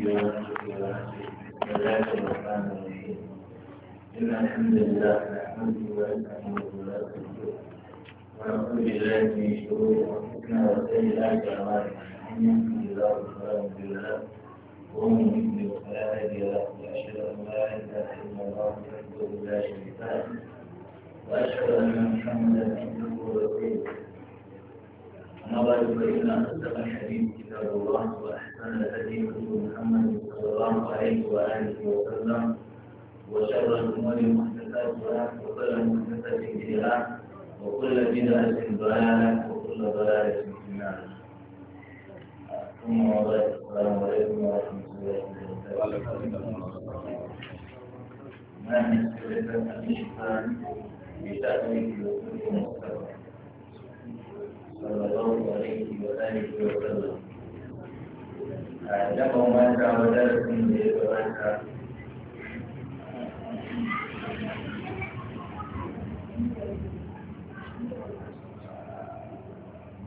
إن الحمد لله نحمده ونستعينه ونستغفره ونعوذ بالله من شرور أنفسنا وسيئات أعمالنا من يهده الله وأشهد أن لا إله إلا الله وأشهد أن محمدا عبده ورسوله أما بعد فإن أصدق الحديث كتاب الله وأحسن كان هدي محمد صلى الله عليه وآله وسلم وشر الأمور محدثاتها وكل محدثة بدعة وكل بدعة ضلالة وكل ضلالة في النار ثم وبعد السلام عليكم ورحمة الله وبركاته ما من سبب الإشكال بتأويل الأمور المختلفة صلى الله عليه وآله وسلم da bambanta wa da ya gabata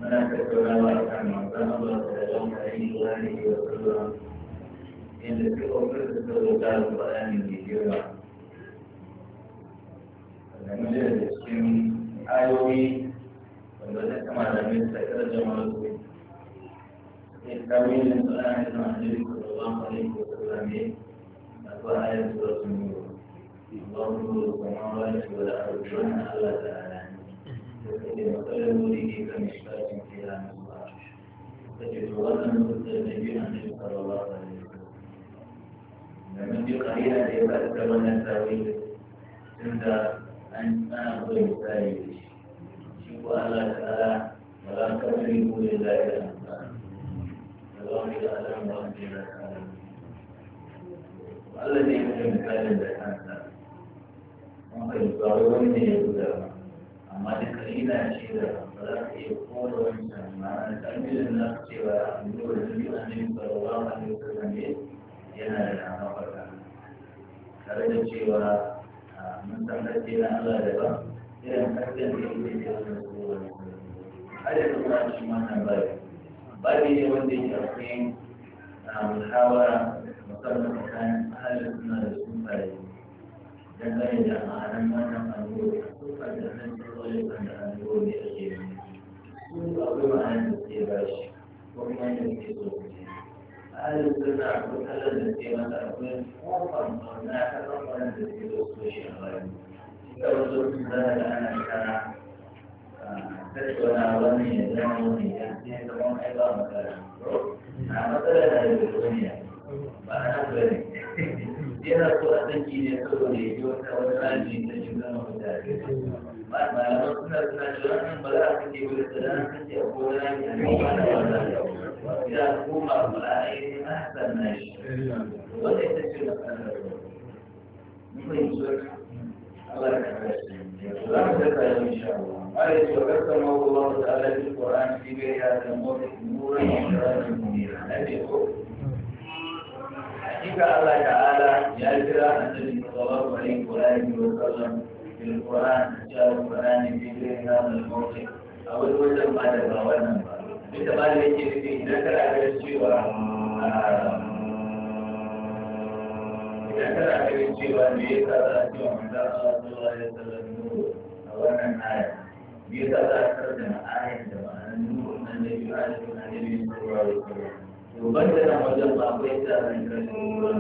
muna tattaunawa a kan inda ofis da mai girma da ayoyi wanda zai kama da mai sakar jama'a التأويل من سؤال النبي صلى الله عليه وسلم وآية سورة النور الله السماوات والأرض وما ألا تعالى وقالوا به كمشكاة فيها مصباح تجد غدا مستجيبين النبي صلى الله عليه وسلم لما في قرية يبقى كمان التأويل عند أن أنا أقول التأويل شوفوا الله تعالى ولا تقربوا لله Allah da ba, irin karfin da yake da su a cikin wani kuma. Hadda kuma shi mana bai, بعد ان يودي الشرفين المحاورة مقدمة كان أهل السنة لكم فريد جمعي جماعة لما نقلوا كيف جمعي تقولي أن أهلوا بأخير كل أبو عن السيباش ومن أن يكتبوا أهل السنة أقول هل السيبا تأكل وفر مرنا حتى أقول أن تكتبوا كل شيء غير إذا وزرت ذلك أنا أشترى tattauna wani ya zama wani ya ne zama ai ba matsala na matsala na da duniya ba na bane yana so a sanki ne saboda ya yi wata wani rami ta shi zama mutane ba ma yana suna suna da wannan ba za a kake wani tsada sun ce a kowa rami a ne ba na wata ya koma ba a yi ne na sannan shi wanda ya tafi da kanar mun fahimci wata Allah ya kare shi. Ba mu dafa yau insha Allah. قال وكتبه الله تعالى في القرآن في غير هذا الموضع نورا وسراجا منيرا نبي حقيقة الله تعالى يأجر النبي صلى الله عليه وآله وسلم في القرآن جاء القرآن في غير هذا الموضع أو الوجه ما تباونا مثل ما يجري فيه ذكر على السوى idan kana ganin cewa me yasa za a ce wa manzo Allah sallallahu alaihi wasallam a wannan aya ya ga za da ma'ayar da ma'anar nuna annabi alifu annabi sallallahu alaihi wasallam to ban da nan wajen ba akwai tsarin karshen ruwan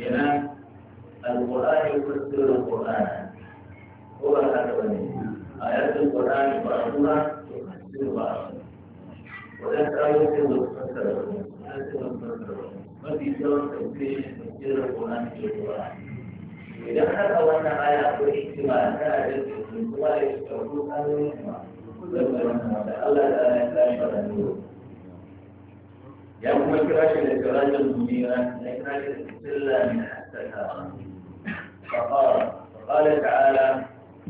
kenan alƙur'ani fasirin ƙur'ani ko ba ka taɓa ne a yanzu ƙur'ani ba a tura to fasirin ba a wajen tsarin sai da fasara ba ne sai da fasara ba mafi yawan tafsirin fasirin ƙur'ani ke ƙur'ani idan har a wannan aya akwai hikima tana da jikin kuma ya shi ɗauko ƙanonin kuma da da Allah ta ala ya tashi da nuru ya kuma kira shi da sirajin munira ya kira shi da sirla min hasaka faqala faqala ta'ala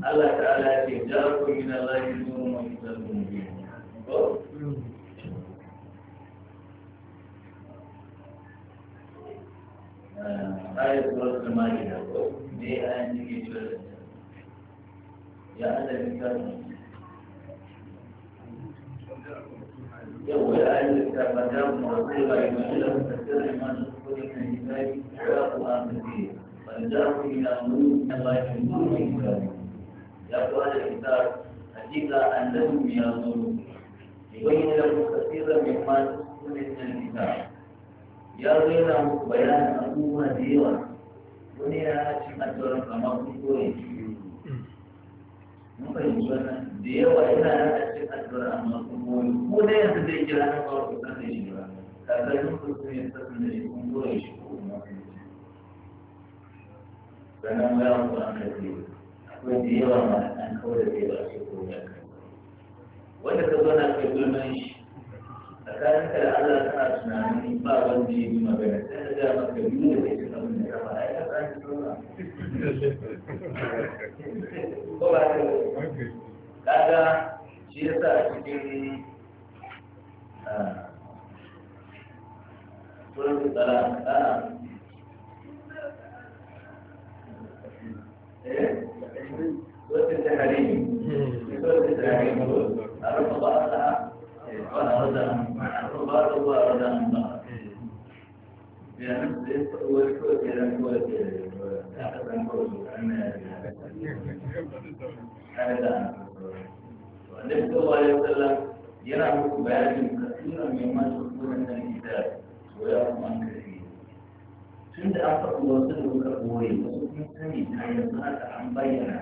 Allah ta'ala ya ce jarakum min Allah nurun wa kitabun ayat surat al-Ma'idah itu di ayat yang kita ya ada kitab يقول أهل الكتاب جاءهم رسولا يبين كثيرا مما تدخل من الكتاب ويقول أن كثير فجاءهم إلى ملوك الله يحبون من كتابه يقول أهل الكتاب حقيقة أنهم ينظرون يبين لهم كثيرا مما تدخل من الكتاب ya rera bayan abubuwa da yawa wani ya ci kamar addu'ar kama kun koyi mun fahimci wannan da yawa yana yana cin addu'ar amma kun koyi ko da yanzu zai kira na kawo ko kan shi ba kakarin ku sun yi sassan da ya kun ya shi ko kuma sannan ba ya ku an kafe akwai da yawa ma an kawo da ke ba su kai wanda ka zo na kai gulman shi tsakanin ka da Allah kana tunani ba wanda ya yi magana sai yi da kai suna mun da ba ta ka ko ba kaga shi yasa a cikin ah, ah, eh Annabi sallallahu alaihi wasallam yana muku bayanin kasura mai masu kuran nan gida to ya kuma an kare tun da an faɗi wasu da kuka ɓoye wasu kuma sani ta yanzu haka an bayyana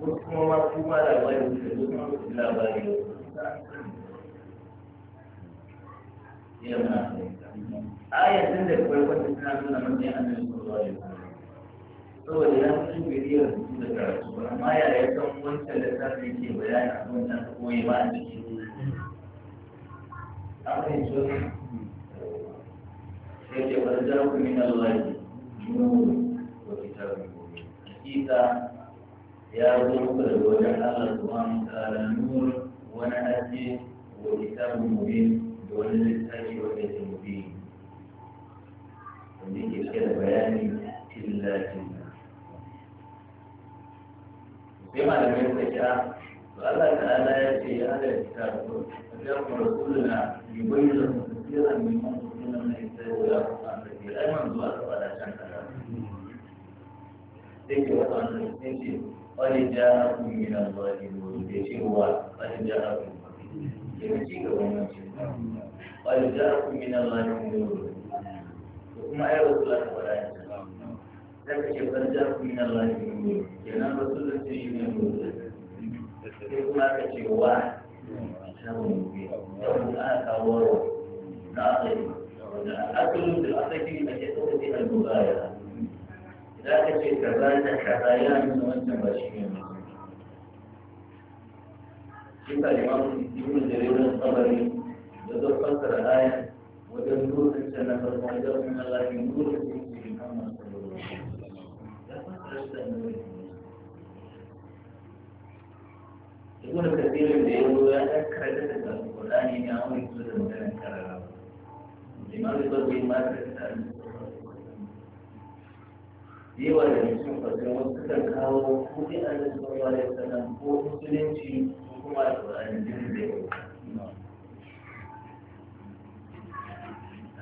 wasu kuma ma su ma labari da wasu ma su labari wasu kuma an ayatun da kawai wata suna nuna matsayin annabi sallallahu alaihi wasallam saboda ya fi bidiyar su da karatu amma ya ya san wancan da ta ke bayani a wannan koyi ba a cikin akwai so sai ce wani jarabu min Allah ne wa kitabu hakika ya zo muku da wajen Allah subhanahu wa ta'ala wani ajiye wa kitabu mubin دون للثاني والذي المبين إلا إلا كما لم يتكا فالله هذا الكتاب فليكن رسولنا يبين كثيرا مما تقولون من يستوي ويعرف عن سبيل أيمن زوال ذكر وطن الاستنشاق قد من الله نور يشهوا قد قال جاءكم من الله نور وكما أي رسول الله ولا ذلك يقول جاءكم من الله نور كان رسول الله من نور كما كتوا شرم يوم آخر ناقل أكل بالأصل في مجلسة فيها المبايعة إذا كتب كذلك كذايا من وأنت ماشيين كيف الإمام ابن جرير الطبري da zai fassara ayan wajen nufin ta na farko wajen kuma lafi nufin ta ke yin amma ta nufin ibn kathir da ya zo ya karanta da alqur'ani ne a wani da magana karara imam ibn bai ma karanta yawa da cikin fasirin wasu sukan kawo ko dai a nan sallallahu alaihi wasallam ko musulunci ko kuma alqur'ani da ya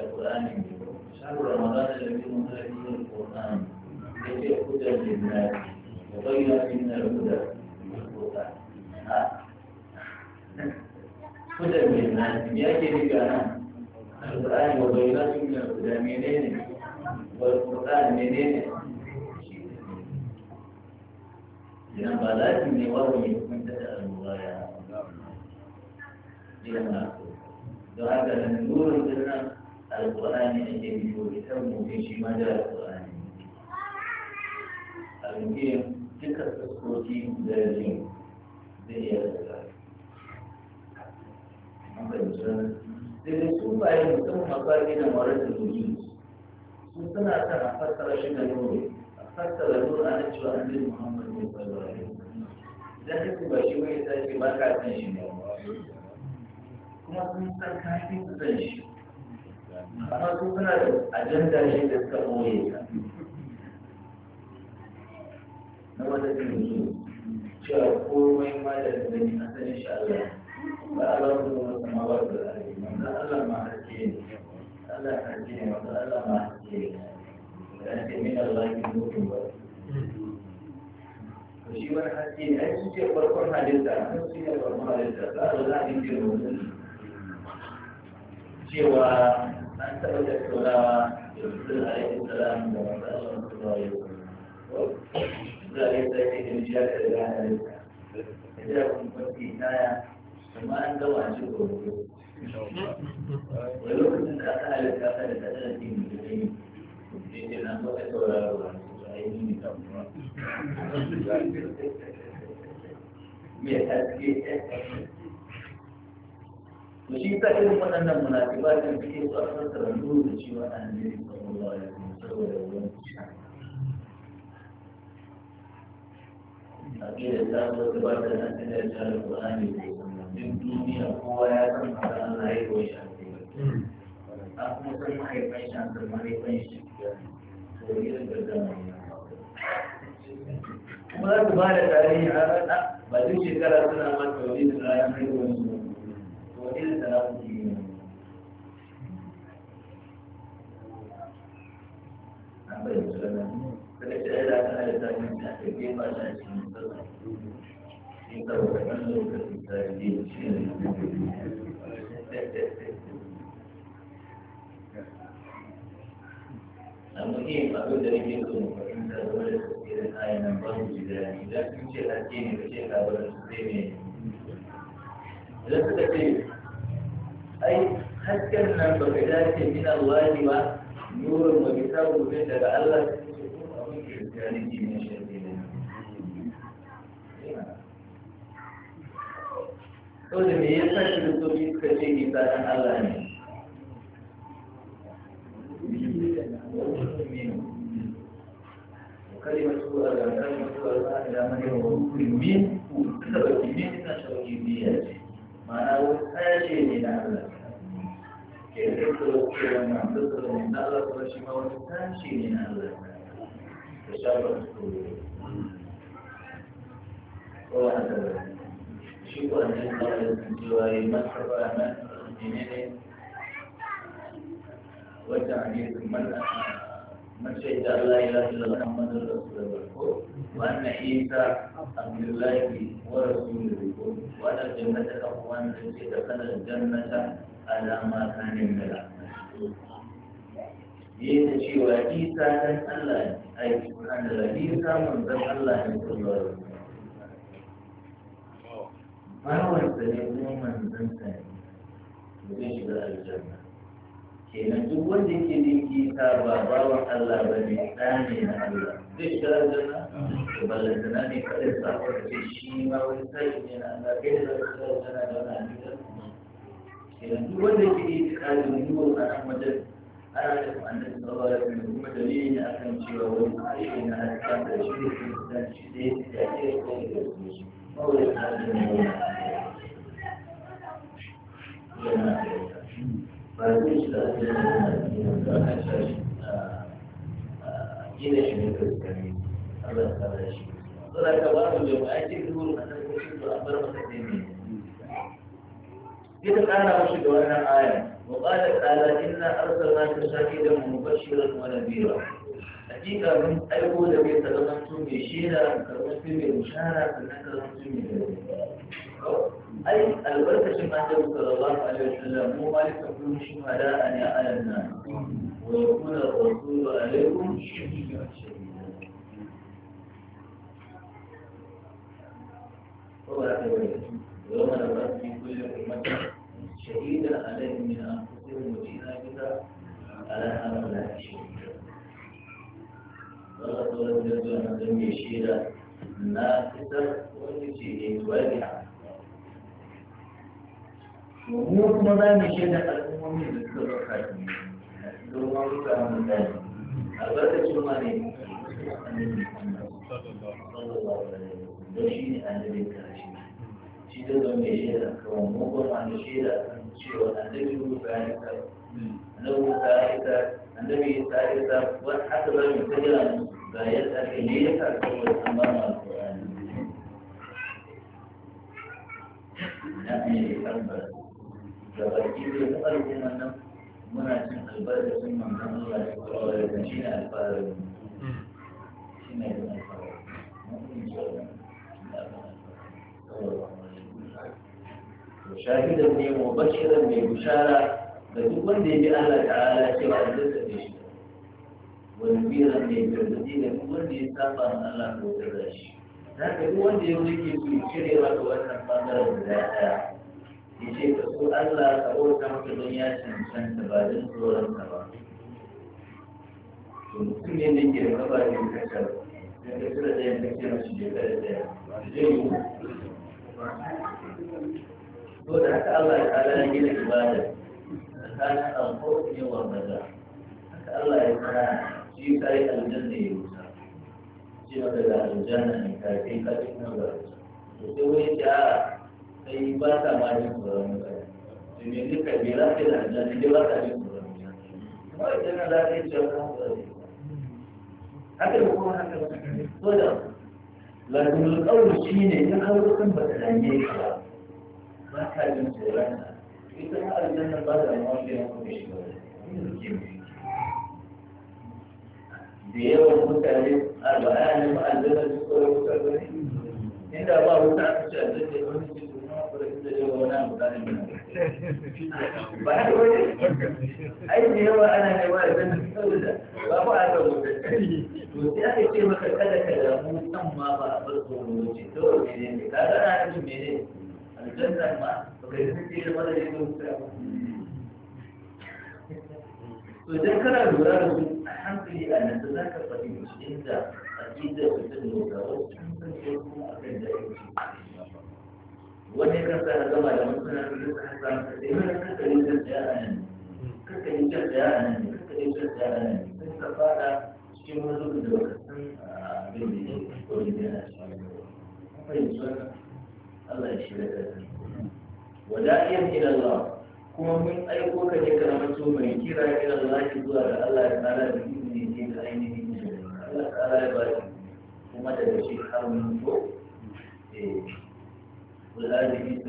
القرآن شهر رمضان الذي أنزل فيه القرآن يجي هدى للناس وبين من الهدى والقرآن هدى للناس يأتي بك القرآن وبينات من الهدى منين والقرآن منين لأن بلاد من وضعي من تدأ المغايرة لأن أقول لو هذا النور الجنة alƙur'ani ake biyo ita mutum shi ma da alƙur'ani a rufe duka fuskoki da jin zai iya rasa an sai su baye mafarki da mawar da zuci su suna a fassara shi da nuri a da nuri ana cewa an zai muhammad ne kwalwari idan ka ba shi wani sashi ba ka san shi ne kuma sun san kafin su san shi amma su suna da ajanda shi da suka ɓoye ta na wata tunani cewa komai ma da zai asalin shi Allah ba a zama da wata ma ba da zai wanda Allah ma harke ne Allah harke ne wanda Allah ma harke ne da ake min Allah ki mutum ba to shi wani harke ne ai su ce farkon halitta sun su ne farkon halitta za a zo za a yi cewa an taɓa da turawa da mutum a yi da yau shi an wani lokacin cikin ne a yi shi ta irin waɗannan munafibatin suke so a san karatu da cewa annabi sallallahu alaihi kuma saboda wani aƙida ta zo gabatar da ta da ta da Qur'ani din duniya kowa ya san haka Allah ya koyi shi a kuma san mahaifan shi an san mahaifin shi to irin da ba. kuma za su ba da tarihi a rana ba duk shekara suna mata wani da ranar haihuwar su irin da za su yi an bai da suna da kana da a cikin أي حتى من بقدات من الله ونور وكتاب من دقاء الله أو me yasa kiristoci suka ce Isa ɗan Allah ne? كلمة هو الأمام هو الآن إلى من يوم من كتب من نشر جبيته معناه الآجل من الله ke da kuma wannan duk da wannan Allah kuma shi ma wani tashi ne na Allah da shafa su ko wanda shi ko an yi kawai da cewa yi masa ba na ne ne wata ne kuma mace da Allah ya lafi da Muhammadu da ko وأن عيسى عبد الله ورسوله وأن الجنة أخوان التي دخل الجنة على ما كان يملا yin cewa isa dan Allah a yi da isa manzan Allah ne kullum bawansa ne kuma manzan sa ne zai shiga aljanna kenan duk wanda ke ne ke ta ba Allah ba ne ɗa ne na Allah zai shi rajana to ballantana ne kaɗai sako da shi ma wani tsari ne na Allah kai da zai rajana da wani amina kenan duk wanda ke ne ta kaji wani yau ana da annabi sallallahu alaihi wasallam kuma dalili ne akan cewa wani tsari na Allah da shi ne ke da shi da ya ce ya ce ya ce shi ba wani tsari ne na Allah. Yeah. إذا كان رشد وأنا آية وقال تعالى إنا أرسلناك شاهدا ومبشرا ونذيرا حقيقة من أيقو لبي تلمتم بشيرا تلمتم بمشارة تلمتم بشيرا أي الولد كما أنه صلى الله عليه وسلم هو مالك تكون شهداء على الناس ويكون الرسول عليكم شهيدا يوم نبعث في كل أمة شهيدا عليهم من أنفسهم وجينا بك على هؤلاء شهيدا الله تعالى أن وعلا يشهد الناس ويجيء ويجيء mu kuma za mu shaida al'ummomin da suka ba kafi don ma muka mu da albarkacin ma ne da shi ne annabin karshe shi da zama mai shaida kawai mu kuma mu shaida cewa annabi musa ya ta annabi musa ya ta annabi isa ya ta wani haka za mu ta jira ga yadda ake ne ya ta kawai an ba mu alƙur'ani. Na ne ya tabbata. da baki da tsarki nan muna cin albarkacin manzan Allah ya kawo da shi ne alfarin shi ne da alfarin mun yi sauran shahidan ne mu bashiran mai bishara da duk wanda ya bi Allah ta'ala cewa da zai tafi shi wani biran mai gargaɗi da duk wanda ya saba ma Allah ko da shi haka duk wanda ya wuce ke shirya da wannan bangaren da ya tsaya yace ka so Allah ka bauta maka don ya cancanta ba don tsoron ka ba to mutum ne da ke da kaba da kasa da ka tura da yanka shekara da zai to da haka Allah ya kala ya gina ibada tsakanin alfawar ne wa haka Allah ya kara shi kare da ya rusa shi ma daga aljanna ne kare kafin nan ba to sai wani ta sai ba ta ma jin tsoron mutane domin duka bai za da aljanna ba ta jin tsoron mutane kuma aljanna za ta yi cewa haka da kuma haka ko da lakin alƙawar shi ne ta kawo kan ba ta ka ba ba ta jin tsoron ta ita ma aljanna ba ta ma shi ya kuma shi ba da yawan mutane a bayanin ma'aljanna su kawai mutane inda ba wuta aka ce aljanna ya ba a Ai aiki yawa ana yawa da zan saboda ba ba a zan wuce to sai aka ce maka kada ka damu nan ma ba a bar tsoron wuce to mene ne ka ga ana me ne? aljanna ma ba kai yi suke da mara yin wuce to idan kana lura da su a hankali a nan za ka fahimci inda da mutum ne da wasu sun san kuma akan da ya wani kasa ya zama da mutum na fiye ka sa da sai mana kanka yin jan tsaya yara ne, kanka yin jan tsaya a nan kanka yin jan tsaya a nan sai ka fara cikin wani zubi da baka san ah, abin da ya ke ko ne yana cikin fahimci wannan Allah ya shirya da kai wada'iyan ila Allah kuma mun aiko ka ne ka mai kira ila Allah zuwa da Allah ya kara da izini ne da ainihin Allah ya ta ya shi, kuma daga shi har mun zo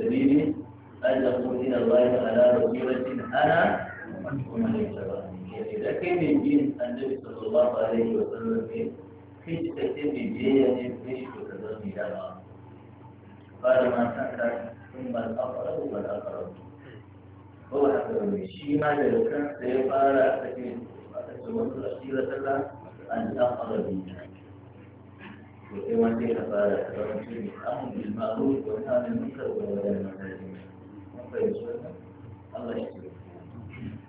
سبيلي أن تقول إلى الله على رسولة أنا ومن اتبعني لكن يعني من جنس النبي صلى الله عليه وسلم في كتاب بيان مش وتدمي لها قال ما سكت ثم الأقرب والأقرب هو حكم الشيء ما لو كان سيقال أتكلم أتكلم الأخيرة أن الأقرب منها وكما قيل قال الامر بالمعروف والنهي عن المنكر ولا المساجين وكيف الله يشفيك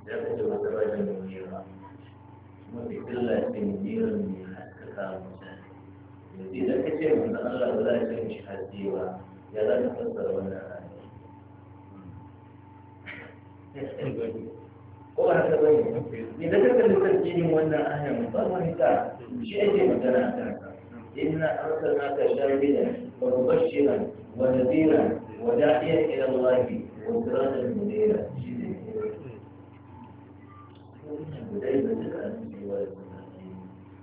ya kace wata rajin munira mafi illa ce munira ne haskaka mutane yanzu idan ka ce wanda Allah ba za ce mishi hadiwa ya za ka fassara wannan ayar ko ba haka bane idan ka kalli tarjibin wannan ayar ba wani ka shi ake magana a kan إنا أرسلناك شاهدا ومبشرا ونذيرا وداعيا إلى الله وسراجا منيرا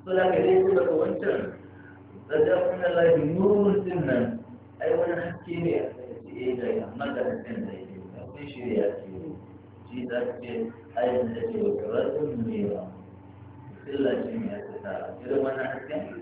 ولكن ليس لك وانتم فجاءنا الله نور سنة أي وانا حكيني إيه جاي مثلا سنة في شريعتي في أي التي وكرت منيرا إلا جميع التسارع إذا وانا حكيني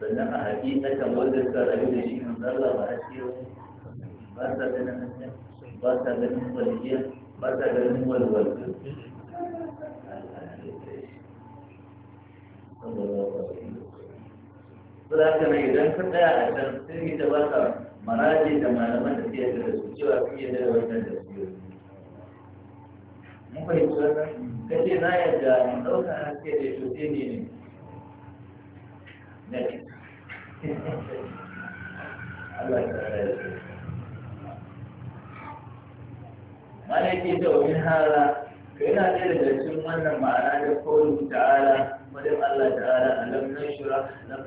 sannan a hakikatan wanda suka rayu da shi mun Allah ba a ce haske ba sa ganin haske ba sa ganin waliya ba sa ganin walwalwa Saboda haka ne idan ka tsaya a can sai da ba ka maraji da malaman da suke da su cewa su yi da wannan da su yi. Mun fahimci wannan? Kace na yadda mun ɗauka haske da shi ne ne. na ce hala ka yana ɗaya daga cikin wannan ma'ana da kowai ta'ala Allah ta'ala alam na shura alam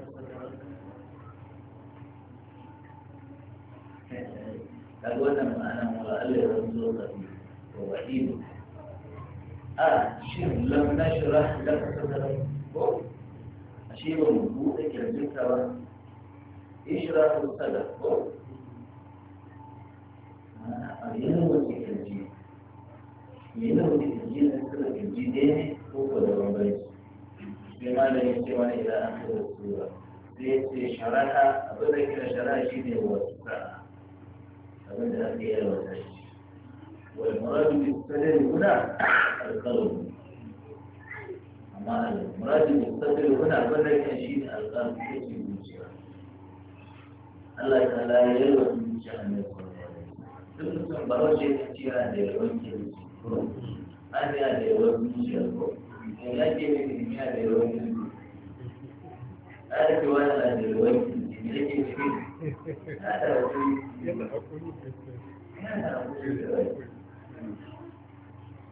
kaga wannan Allah ya zo wa a ah, shin lam nashra lam ciwon buɗe kirjinka ba ishirafin da ko a yanar wani kirji yanar wani kirji na sada kirji ne ko ko da bambanci sai yin cewa ne idan an kada sura sai ce sharaha abin da kira sharaha shi ne wa kana abin da ake yi a wata shi wal muradu bi sadari guda alƙalami amma al-muradi mustaqil huna abin da yake shi ne al zuciya Allah ya kala ya yi wa zuciya ne duk mutum ba wace ne ce da yawan kirki an yana da yawan zuciya ko ne ya ke ne yana da yawan kirki أعرف وأنا دلوقتي هذا هو هذا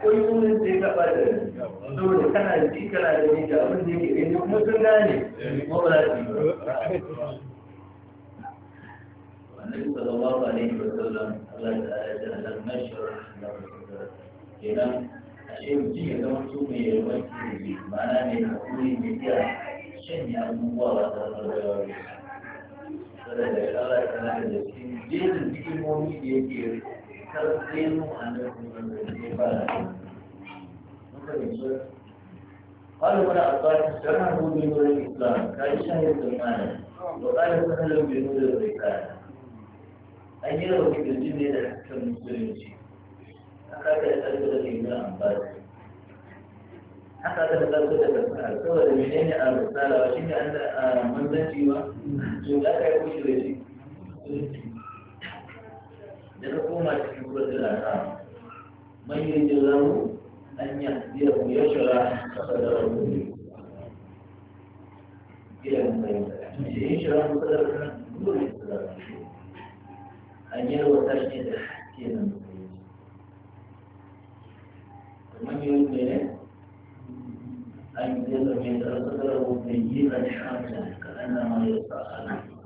ko yi sunan sai ka bada saboda kana ji kana da ni da abin da yake gani kuma sun gane ko ba za su yi ba annabi sallallahu alaihi wa sallam Allah ta'ala ya da nashar da kenan a shehu ji ya zama su mai yawan kiri ma'ana mai hakuri mai iya shanya abubuwa ba ta zama da yawa saboda Allah ta'ala da cikin jerin cikin momi da yake قالوا هنا أطاعت سمعه بنور الإسلام كان شهر سلمان وقال سهل بنور الرسالة أن يروا في الجنة حتى المسلمين أخذ أسألة الإمام عباس haka da za ku da fasara saboda menene a risala shi ne an da manzanci ba to da aka yi kushe da shi da ka koma cikin suratul an'am man yajzamu an yahdiyahu yashra sadrahu ila mubayyin yashra sadrahu dole an yarwata shi da haske nan ومن يؤمن أن يظلم من أصدره بينا حملا كأنما يصعد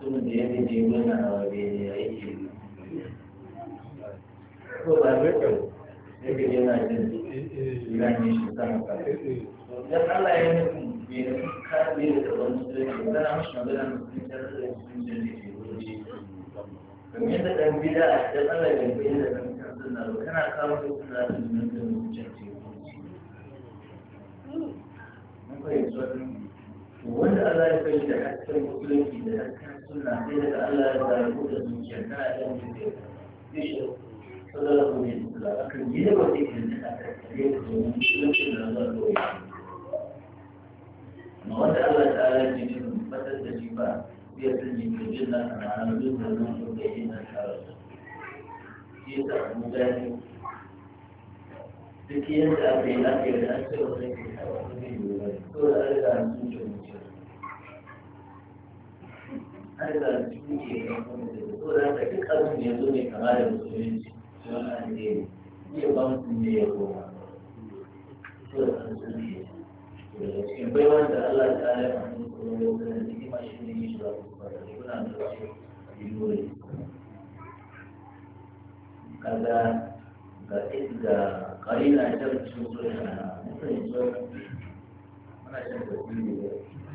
tun da ya je mana a wabe ne ya yi ko ba ga kyau ya ga yana jin ina ne shi sama ka dan Allah ya nufi da ka me da ban su ne dan amma shi magana da su da su ne da ke wuri kamar yadda dan bida a dan Allah ya nufi da kan sunna kana kawo su suna da nan da mun fahimci wanda Allah ya kai da hasken musulunci da hasken suna sai daga Allah ya zara ko da zuciya kana da mutum da shi sallallahu alaihi wasallam akan gida ba sai da ta kare da musulunci da Allah ya yi wanda Allah ta ala ce ne fatar da ba zai sanya kirjin na sana'a duk da nan ko da yin na shawar shi ya sa mu gani duk yadda aka yi lafiya da an ce wa sai ke shawar ko da Allah ya Allah shi ne ya kuma da ko da ka duk abin da yazo ne kama da musulunci wannan ne ya ba mutum ne ya koma to da musulunci daga cikin baiwa da Allah ta ala ya mutum ko ya kuma da hikima shi ne ya shiga kuma da kuna da shi yiwuwa kaga ga ga na ta cikin sura na mutum ya na shan da kuma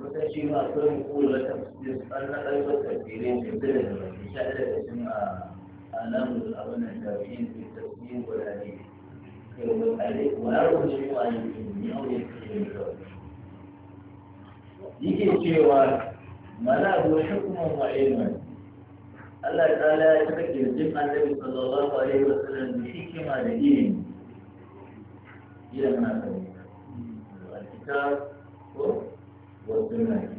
lokaci masu yin kula ta an na ɗaukar tafsirin da zai da sha ɗaya da cin a alamun abin da shafi'in ke tafsirin gudane yake cewa mana abu hukuman wa ilman Allah ta'ala ya taɓa kirjin annabi sallallahu alaihi wa sallam da hikima da ilimi ilimi na sani alkitab ko والسنة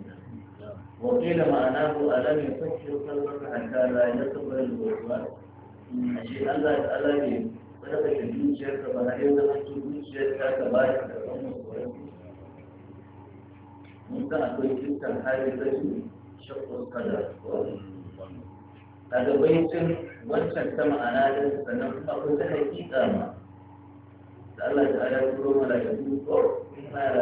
وقيل معناه ألم يفكر قلبك حتى لا يقبل الوسواس أشياء الله تعالى ne sadaka da zuciyarka ba har yanzu an tun zuciyarka ka ba ka da wani mun san akwai cikin hali zai shakku kada kaga baicin wancan ta ma'ana da sannan kuma akwai ta hakika ma da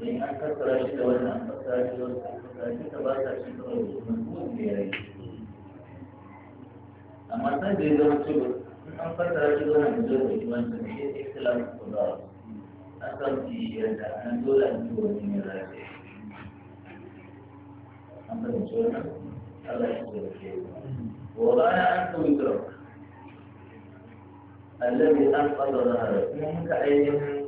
in an fassara shi da wannan an fassara shi da ba ta shi kawai mutum ne ya rage amma san da ya zama cewa in an fassara shi da wannan da zai rage wancan shi ne ikhtilafu an san shi an dole an yi wani ne rage an fahimci wannan Allah ya da ke wa bana an kawai kura الذي kuma ظهره منك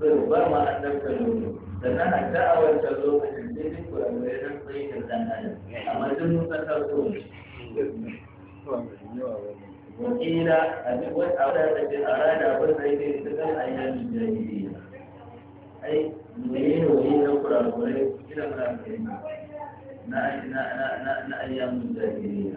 sai ba ma an ɗaukar nuni sannan a da'awar ta lokacin sai duk kuramurai don tsayin da ɗan adam amma duk mun san tarko ne wakila a duk wani abu da ke arada abin da yake da kan ayyukan jahiliya ai noye noye na ina irin na na na na na ayyukan jahiliya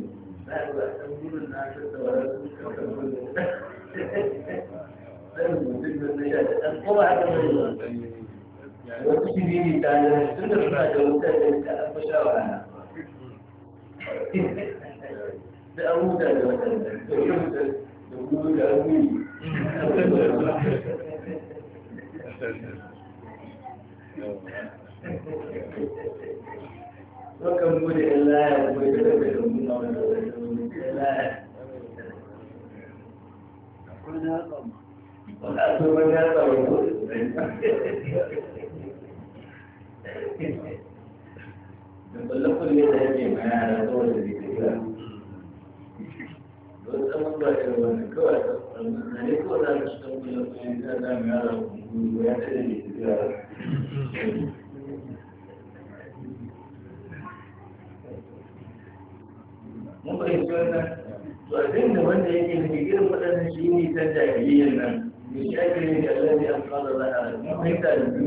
wasu shiri ne ta yi tun da suna da wuta da ta an fasha wa ana da an wuta da wata da yau da gudu da an wuni kan gudu in laya gudu da bai da mun na wani da da ballakon ne da yake mai ta ko kun fahimci wannan to abin da wanda yake nufi irin waɗannan shi ne ta jahiliyyar nan mai shakirin da Allah ne amfana za a kuma fahimta da su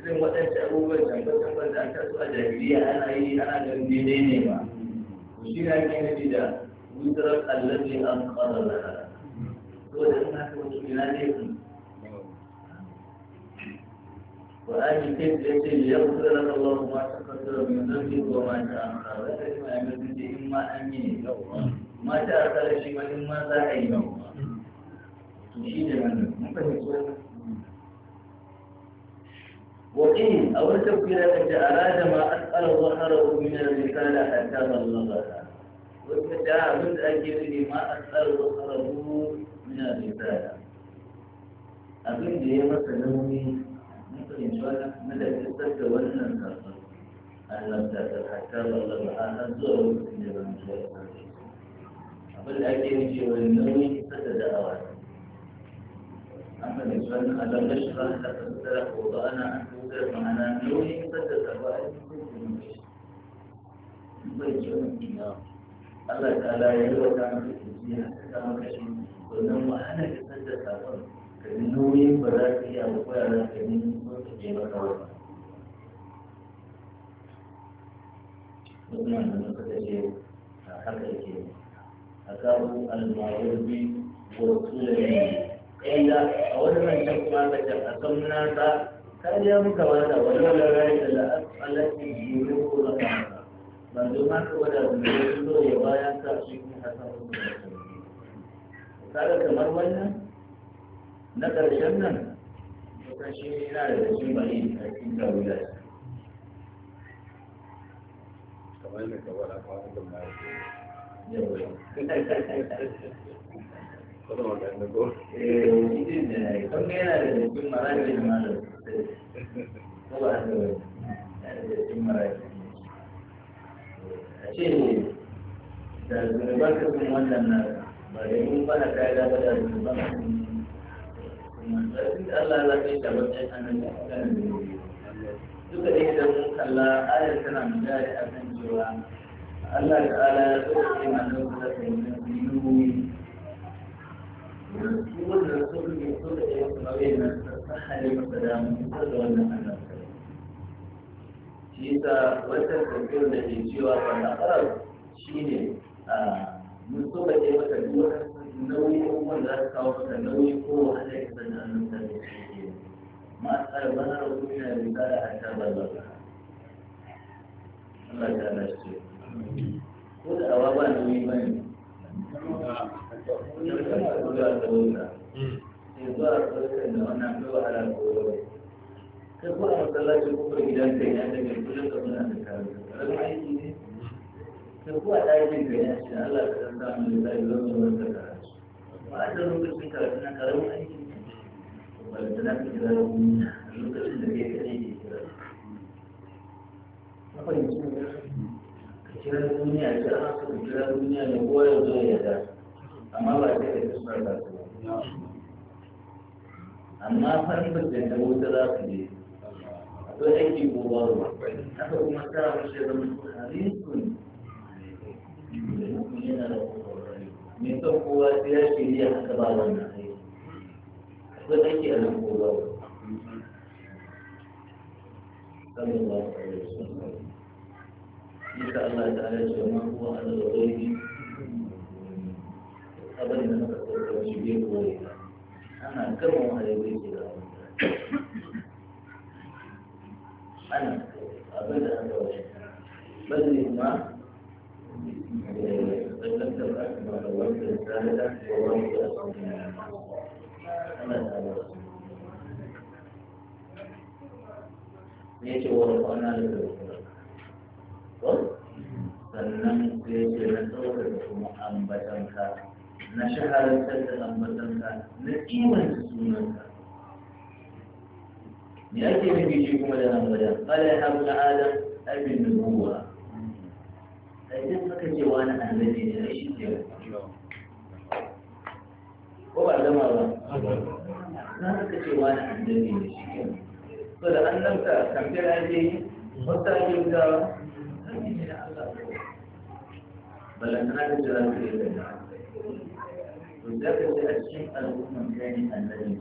irin waɗansu abubuwan tambar-tambar da aka so a jahiliya ana yi ana ganin daidai ne ba to shi na ke nufi da wuzarar Allah ne amfana za a to da ina ta wasu ina ne وآل كيف يتي ليغفر لك الله ما تقدر من ذنبك وما تأخر وكلمة أمنتي إما أمين ما تأخر شيء وإما زعيم تشيد منك ممكن وقيل أو تفكير أن أراد ما أسأل ظهره من الرسالة حتى بلغها وكتاب أجل ما أسأل ظهره من الرسالة أبن دي مثلا fahimci wannan kuma da isar da wannan sako annabta ta hatta wallah ba har zuwa wani ne ba mu shi abin da ake yi ce wani nauyi isar da da'awa an fahimci wannan allah ba shi ba ta fassara ko ba ana an fassara ma'ana nauyi isar da da'awa a cikin kuma Allah ta'ala ya yi wa ta mafi kujiya ta maka shi domin wahala isar da sakon nauyin ba za ka iya ba yaran ka ne ko ka je maka wannan da muka ta a haka yake a kawo almayar bi ko tsulani inda a wani rancen kuma aka ce a kan nasa kariya muka wata wani wani rayu da la'asalaki biyu ko zama ban ma da wada zuwa ya bayan ka shi hasan kuma kamar wannan na ƙarshen nan kusan eh, shi yana da cikin bari a cikin tarwila kamar yadda ka wada kwa da mai yawa kada ma ganin ko eh ne kan yana da cikin maraji da malam ko ba da yana da cikin maraji a ce da zunubar kasan wannan na ba da yin bana kai da ba da zunubar kasan duka da idan mun kalla ayar tana magana da akan cewa Allah ta'ala ya tsoke manzon sa da yiwu wannan sun ne so da ya kuma bai na sahari masa da mun da wannan annabi shi yasa wata tafiyar da ke cewa wannan farar shine mun so da ya mata duk nauyi kuma da za kawo maka nauyi ko wahala ya san da annan sani shi ma a tsara ba har wasu yana da tsara a ta ba ba Allah ta ala shi ko da awa ba nauyi ba ne yanzu a tsarkar da wannan kai wahala ko wani kai ko a masallacin kofar gidan kai ya daga kullum ka muna da karatu karamin aiki ne kai ko a ɗakin kai ya ce Allah ka san samun da zai zama karatu wanda lokacin karatu na karamin aiki wanda tana kira lokacin da ke kare ke kira na fahimci ka kira duniya ta haka ka kira duniya ne kowa ya zo ya amma ba ta da kusa ba amma fahimtar da ta wuta za su je akwai aiki gobe ba haka kuma ta wuce zama harisun yana da mai son kowa sai ya shirya aka ba wannan aiki akwai aiki a nan kowa sallallahu alaihi wasallam insha Allah ta'ala ya ce man huwa ala ghaibi abin da muka tsoro shi bai koyi ana gama wahayi bai ke da ana abin da aka wajen bazin ma الأكبر والرسالة ووجه ne ce wani kwana da sannan sai ce na tsawar da kuma ambatanka na shahararta da ambatanka na kimanta sunanka me ake nufi shi kuma da ambatan kala ya haɗu na adam abin nubuwa idan suka ce wani annabi ne ai shi ke ko ba zama ba na suka ce wani annabi ne shi ke so da annabta kamfir aje wata ake ga hanyar da Allah balantana da jira su yi da to da ka ce a cikin al'umman kai ne annabi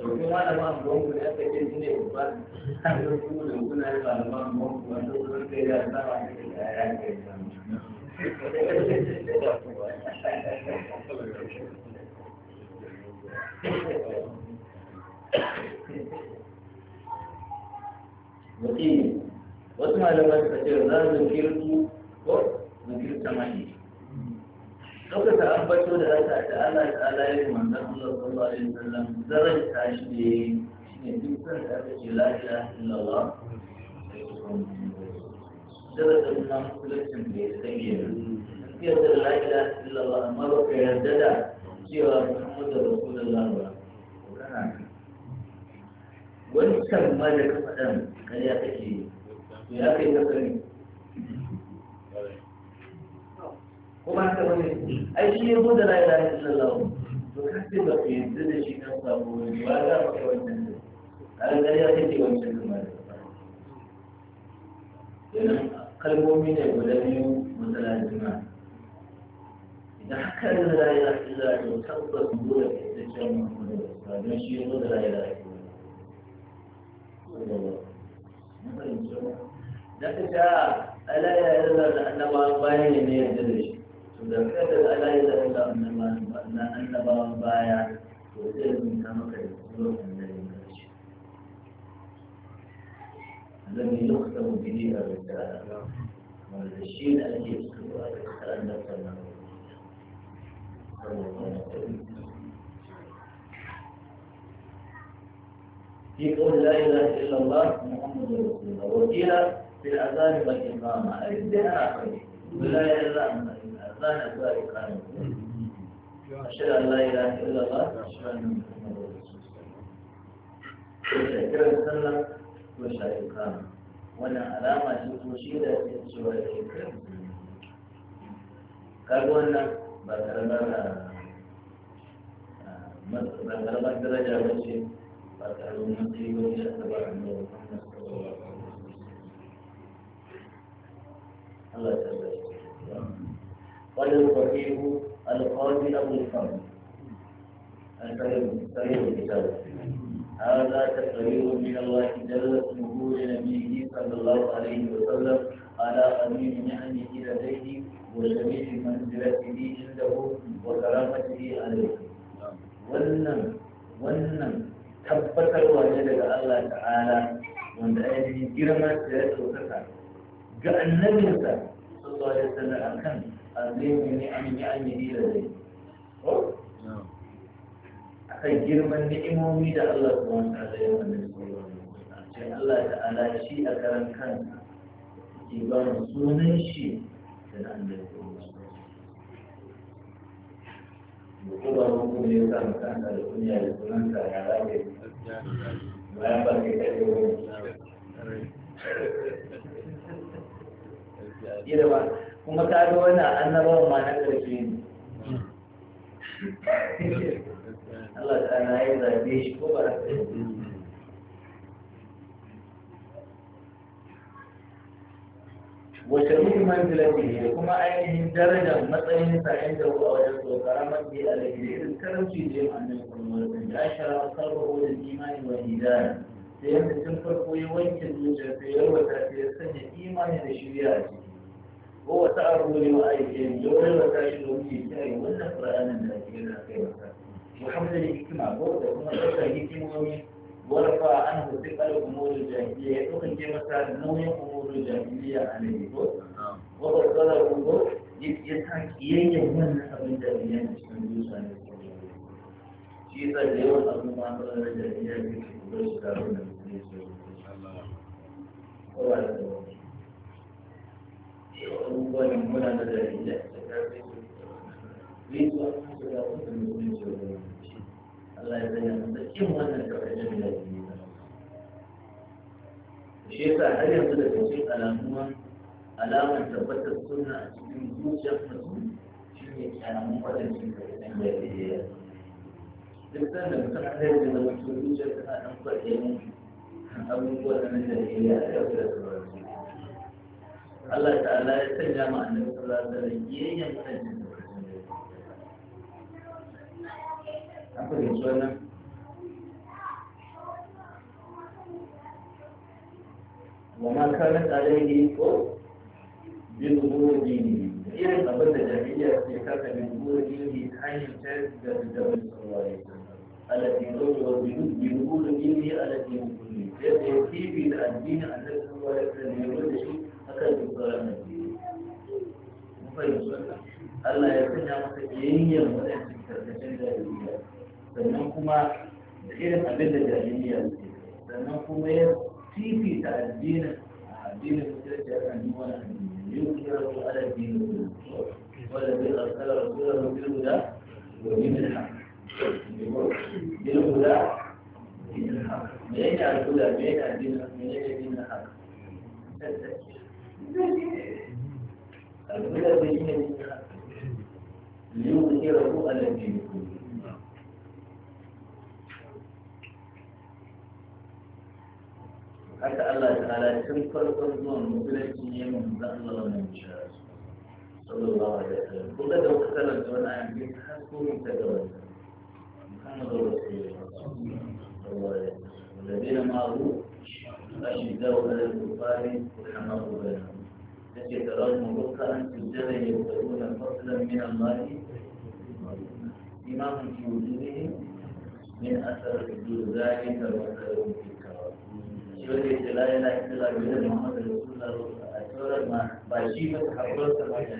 to kuma da ma gon ku da ka ce ba har da ku da kuna da ma wanda ku kai da sama da ya ke kai mutum wasu malaman suka ce za su kirku ko zikir samani lokacin ambato da aka ta ala ta ala ya yi manzan Allah sallallahu alaihi wasallam zarar ta shi ne shi ne duk kan da aka ce la ilaha illallah sharadin na musuluncin bai sanya ya da la ilaha amma ba ka yarda da cewa muhammadu rasulullah ba ko Wani wancan ma da ka faɗan ƙarya take to ya kai ka sani kuma haka wani ai shi ya zo da la illallah to ka ce ba ka yarda da shi kan sabo ne ba za ka wancan da ƙarya take wancan kuma da ka faɗa kalmomi ne guda biyu mutalazima idan haka yin la ilaha illa to tabbas dole ka ita ce muhammadu rasulullah don shi yanzu da la ilaha illa da ka ta ala ya illa da annabawan baya ne ne yanzu da shi to da ka da ala ya illa annabawan baya to zai zunta maka da tsoron الذي يختم به الرسالة والشيء الذي يذكر الرسالة صلى الله عليه في قول لا إله إلا الله محمد رسول الله وقيل في الأذان والإقامة أجدها أخرى ولا إلا أن الأذان والإقامة أشهد أن لا إله إلا الله أشهد أن محمد رسول الله ko shayuka wannan alama ce ko shaida ce cewa ya yi kai kaga wannan ba karamar ba karamar daraja ba ce ba karamar matsayi ba ce ta ba a nuna Allah ta zai wani kwafihu alkawar bin abu alfahim alfahim alfahim alfahim هذا تقرير من الله جل اسمه لنبيه صلى الله عليه وسلم على أمين نعمه لديه وشريف منزلته عنده وكرامته عليه wannan wannan tabbatarwa ne daga Allah ta'ala wanda ainihin girma ta ya ɗaukaka ga annabinsa sallallahu alaihi wasallam akan azimin ni'amin ni'amin da zai kan girman ni'imomi da Allah subhanahu wa ta'ala ya mana sai Allah ta'ala shi a karan kansa ke ba mu sunan shi da na annabi ko ba mu ne ya samu kansa da kunya da sunan sa ya rage bayan ba ke kai wani ira ba kuma ta zo wani annabawan ma na ƙarshe ne Allah ta'ala ya zabe shi ko ba wata muhimman filafi ne kuma ainihin darajar matsayin sa inda ku a wajen tsokara mafi alaihi irin karamci ne a nan kuma wani da an shara a karba wajen imani wa hidaya sai yadda tun farko ya wanke zuciya sai ya wata sai ya sanya imani da shirya a ciki ko wata abu ne wa aiki ya wata shi domin ya kiyaye wannan ƙur'anin da ake yana kai masa وحمل الحكمة برضه هم الحكمة يومي ورفع عنه ثقل أمور الجاهلية يقول كما نوي أمور الجاهلية عليه وبطله برضه يتحك إيه من أبن الجاهلية من يوسف عليه السلام شيء اليوم أبن ما قال الجاهلية في كبرش دارون المسلمين الله abubuwan muna da dalilai da karfe su ne su an su da wasu da mutum ce Allah ya zai masa wannan karkashin da ya yi yanzu da cikin alamuwan tabbatar suna a cikin zuciyar mutum shi ne kyamun wajen karkashin da ya yi duk sanda mutum har da mutum zuciyar tana ɗan kwaɗayin abubuwa da nan da ya yi a yau da sauransu Allah ta'ala ya sanya ma annabi sallallahu alaihi wasallam yayin kan an fahimci wannan wama kanat alaihi ko bin wurudini irin abin da jami'a ke kaka bin wurudini hanyar ta da bidawar saurari alati zoji wa bin wurudini alati wurudini yadda ya kibi da addini a nan saurari da ne wanda shi aka yi tsoron da ke mun fahimci Allah ya sanya masa kiyayyar wadansu karkashin da ya yi sannan kuma da irin abin da jahiliya suke sannan kuma ya fifita addinin addinin musulunci yana nuna wani addini yau kuma rabu ala addinin wanda zai tsara rasular biyu guda biyu da haka bilhuda dinin haka me yake alhuda me yake addinin me yake da haka alhuda zai yi ne dinin haka liyuzirar ku ala addinin haka Allah ta ala tun farkon zuwan musulunci ne mun za Allah wannan bishara sallallahu alaihi wasallam ko da da kalan zuwan annabi har ko mun ta ga wannan Muhammadu Rasulullah sallallahu alaihi wasallam alladheena ma'ahu ashiddau 'ala al-kuffari rahimahu bainahum التي تراهم ركعا في الجبل يبتغون فضلا من الله إمام في وجودهم من أثر وجود ذلك وأثرهم في dole ya la yana kila da da Muhammad Rasulullah a tsoron ma ba shi ba hakuran sa ba shi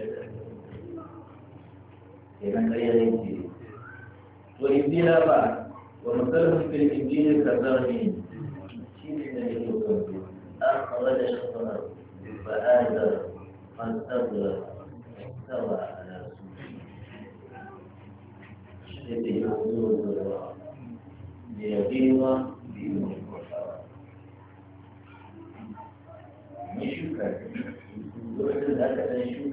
kenan ƙarya ne ce to injila ba wa musalmin fil injili ka zarni shi ne da ya yi kanto an kawar da shafara ba a da fantabula tawa a nasu shi ne da ya zo da yawa da ya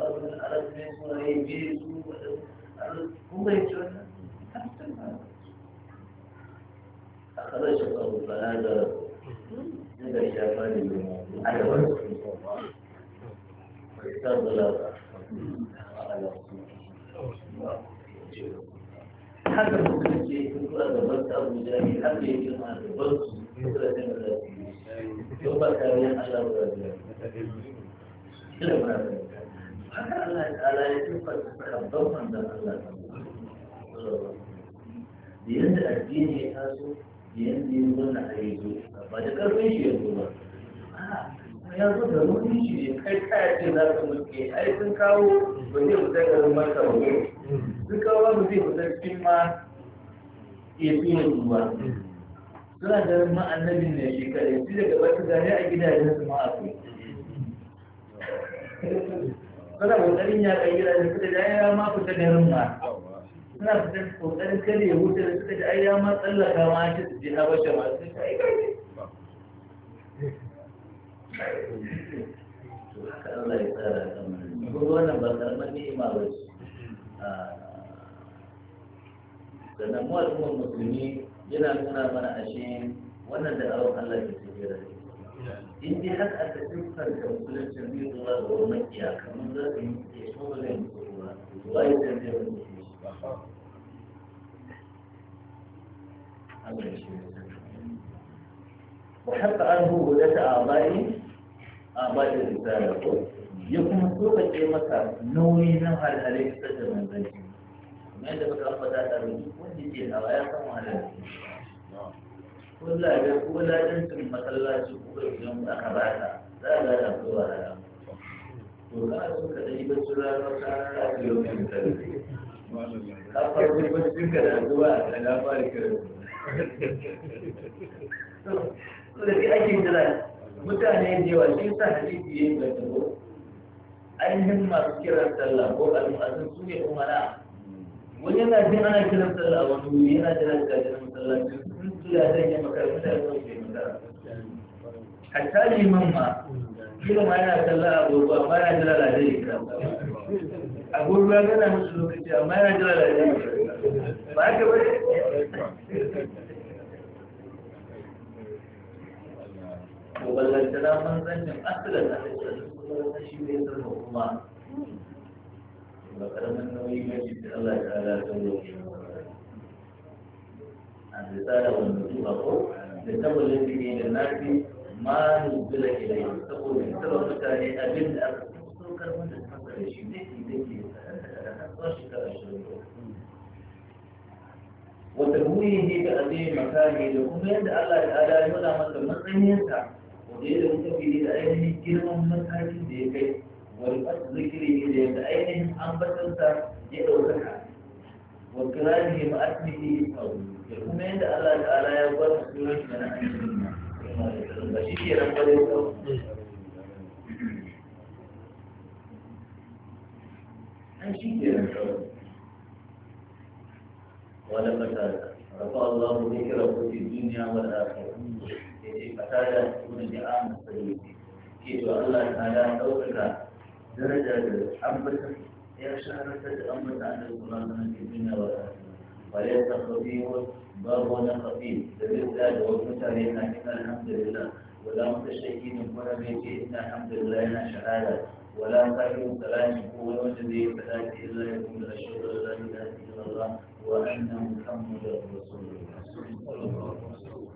a rantse su a yabe su kun bai ci wannan a kanar shi kan bana da daga shafa da yi a da wani su bai san zula ba haka suka ce kuma a gaban ta abuja ne haka ya girma a gaban su suka da kan zafi yau ba kariyar allah ba da ila ba haka Allah ya tsara ya tuka sabbin manzan Allah da yadda addini ya taso da yadda ya zo na ayyuzo ba da karfin shi ya zo ba a ya zo da ruwan shi ne kai kaya ce za su muke. ai sun kawo ba zai fita garin maka ba sun kawo ba zai fita cikin ma ya fi yin ruwa suna da ma'annabin ne shi kare su daga wata gari a gidajen su ma akwai suna kokarin ya kayyara da suka da ya ma fita garin ma suna fita kokarin kada ya wuce da suka da ai ya ma tsallaka ma shi su je habasha ma su ta aika ne to haka Allah ya tsara kamar ko wannan ba karamar ni'ima ba ce sannan mu al'ummar musulmi yana nuna mana ashe wannan da aron Allah ke tafiya da shi in dai har aka siffar da kulantar biyu ruwa da wani makiya kamar za su yi ya so da yin ruwa ruwa ya zai zai wani su ba Allah shi ne وحتى عنه ولاة أعضائه أعضاء الرسالة يكون سوق قيمتها نوي نهى عليه سجن من بيته ماذا بتعرف ذات الرجل وانت في الهواء يقوم على الرجل ko lada ko ladancin masallaci ko idan aka ba ta za a lada ko ba lada to ka so ka dai ba su rana ka ka biyo kan ka ka farko ba su ka da zuwa da labari ka to da aikin jira mutane da yawa shi sa hadisi yayin da ainihin masu kiran sallah ko al'azin su ne kuma na. wani yana jin ana kiran sallah a wani wuri yana jin ana kiran sallah sun tura zai yi makaranta da kuma ke makaranta hatta liman ma kila ma yana sallah a gobe amma yana jira da zai kira a gobe ya gana musu lokaci amma yana jira da zai kira ba haka bane ko ballantana manzancin asalin a cikin shi ne sarrafa kuma ba karamin nauyi ba shi da Allah ta ala ta roƙe a da tsara wanda zuwa ko da tabbalin da ke da nafi ma da ilai saboda tsara mutane abin da aka saukar wanda ta fasa da shi ne ke da ke tsara shekara shirin wata ruhi ne da azai makami da kuma yadda Allah ta ala ya nuna masa matsayinsa wanda ya da mutum da ainihin girman matakin da ya kai والبس ذكره لأين أنبتنسى يدوكك وكراره وأسمه أو يقوم عند الله تعالى يقول سورة من أنبتنا بشيء رب wani Allah mu duniya yi ya ce fasada su ne da an Allah ɗaukaka درجة حبة يخشى أن تتأمل عن القرآن الكريم وليس خفيف باب خفيف بالذات والمتابعين إن الحمد لله ولا متشكين ولا بيتي الحمد لله أنا شهادة ولا تكن سلام هو الذي فلاك إلا يكون أشهد أن لا إله إلا الله وأن محمدا رسول الله صلى الله عليه وسلم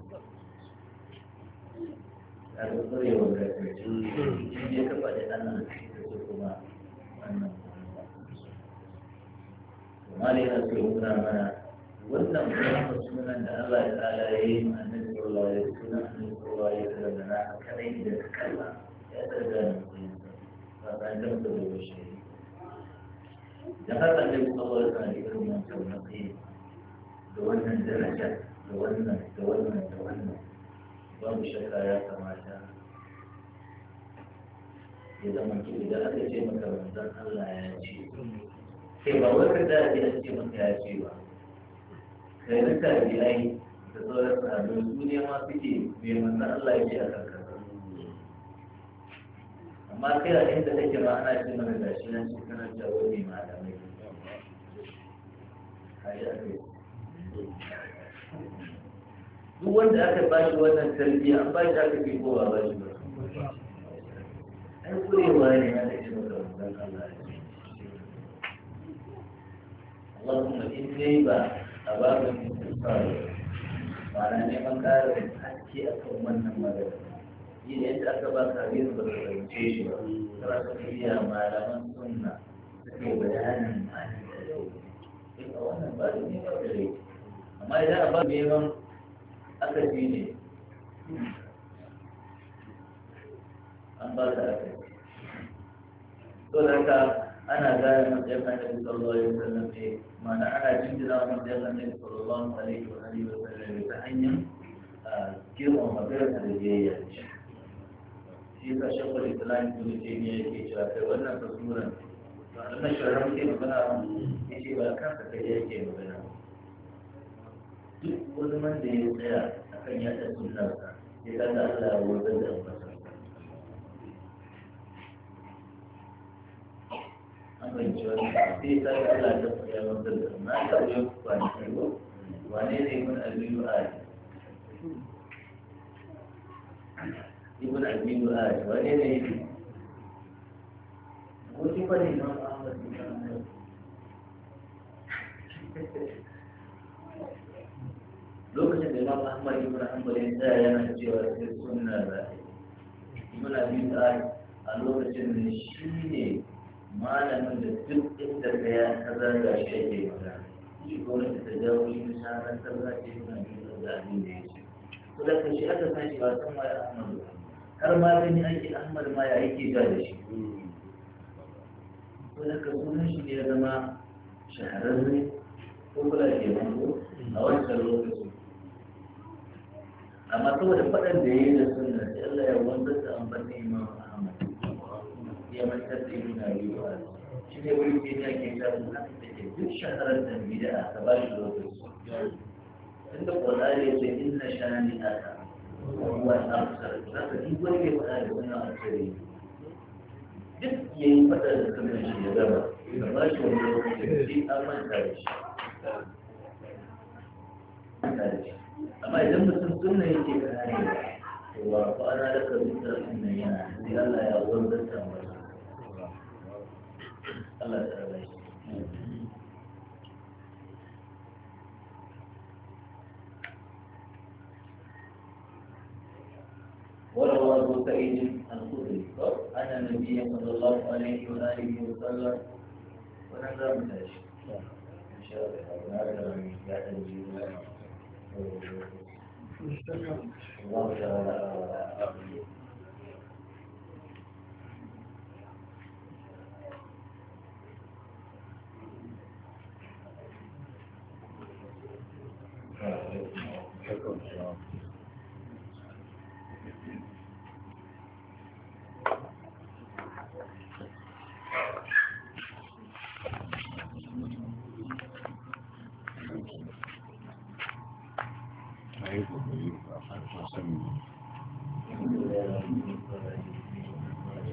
هذا طريق ولا تجوز يجب أن malina su nuna mana wannan kuma sunan da Allah ya tsada ya yi ma annabi sallallahu alaihi wasallam annabi sallallahu alaihi wasallam da na kai da kalla ya tsada ne ba ba da da shi da haka ne sallallahu alaihi wasallam ya kuma tabbata da wannan daraja da wannan da wannan da wannan babu shakka ya kamata ya zama ki idan aka ce maka manzon Allah ya ce kai ba wai da ya an cikin maka ya ce ba kai na tabi ai da sauran sa'adun su ne ma suke mai manzon Allah ya ce a kanka amma kai a inda take ma ana ce mana gashi nan shi kana jawo ne ma da mai duk wanda aka ba shi wannan tarbiyya an ba shi aka fi kowa ba shi ba ai kurewa ne aka ce maka Allah ya اللهم إني أباك من الصالح وأنا نعم كارم a kan wannan المدد yin yadda aka ba ka biyu ba ka rance shi ba ta ba iya malaman sunna suke bayanin mani da yau duk a wannan ba da ne ba da rai amma idan a ba neman aka ji ne an ba da aka to da ana gane matsayin annabi sallallahu alaihi wasallam ne ma'ana ana jinjina matsayin annabi sallallahu alaihi wa alihi wasallam ta hanyar girman magana da biyayya shi ka shafa islam ibn taymiya yake cewa kai wannan tasirin to annabi sharram ke magana ce ba kanka kai ke magana duk wani man da ya tsaya akan yada sunnar ya da Allah ya wuce da masa sai da wane ne ne lokacin da imam ahmad ibn hanbal ya tsaya yana cewa sai sunna ba ibn aliyu a lokacin da shi ne malamin da duk inda ka ya kaza ga shi ake magana shi kuma ta jawo shi ta ranar sarrafa ce yana yin da abin da ya ce ko da ka shi aka san shi ba san ma Ahmad ahmadu har ma gani ake ahmad ma ya yake ja da shi ko da ka sunan shi ne ya zama shahararre ko kula ke mango a wancan lokacin amma saboda faɗan da ya yi da sunan sai Allah ya wanzar da amfani imam ahmad ya mantar da yin rayuwa shi ne wani ke ta ke samun da ke duk shaharar da bida a ta ba shi lokaci inda ƙwararre ce inna shani a ta wa afsar za ka duk wani ke faɗa da wani alkhairi duk ya yi faɗa da kamar shi ya gaba ka ba shi wani lokaci da shi an manta da shi amma idan mutum sunna yake karewa wa fa'ana da kabin sarfin nan yana sai Allah ya wanzar da Allah ya tsara shi وروى ابو سعيد الخدري صلى الله عليه واله وسلم ونذر من ان شاء الله تعالى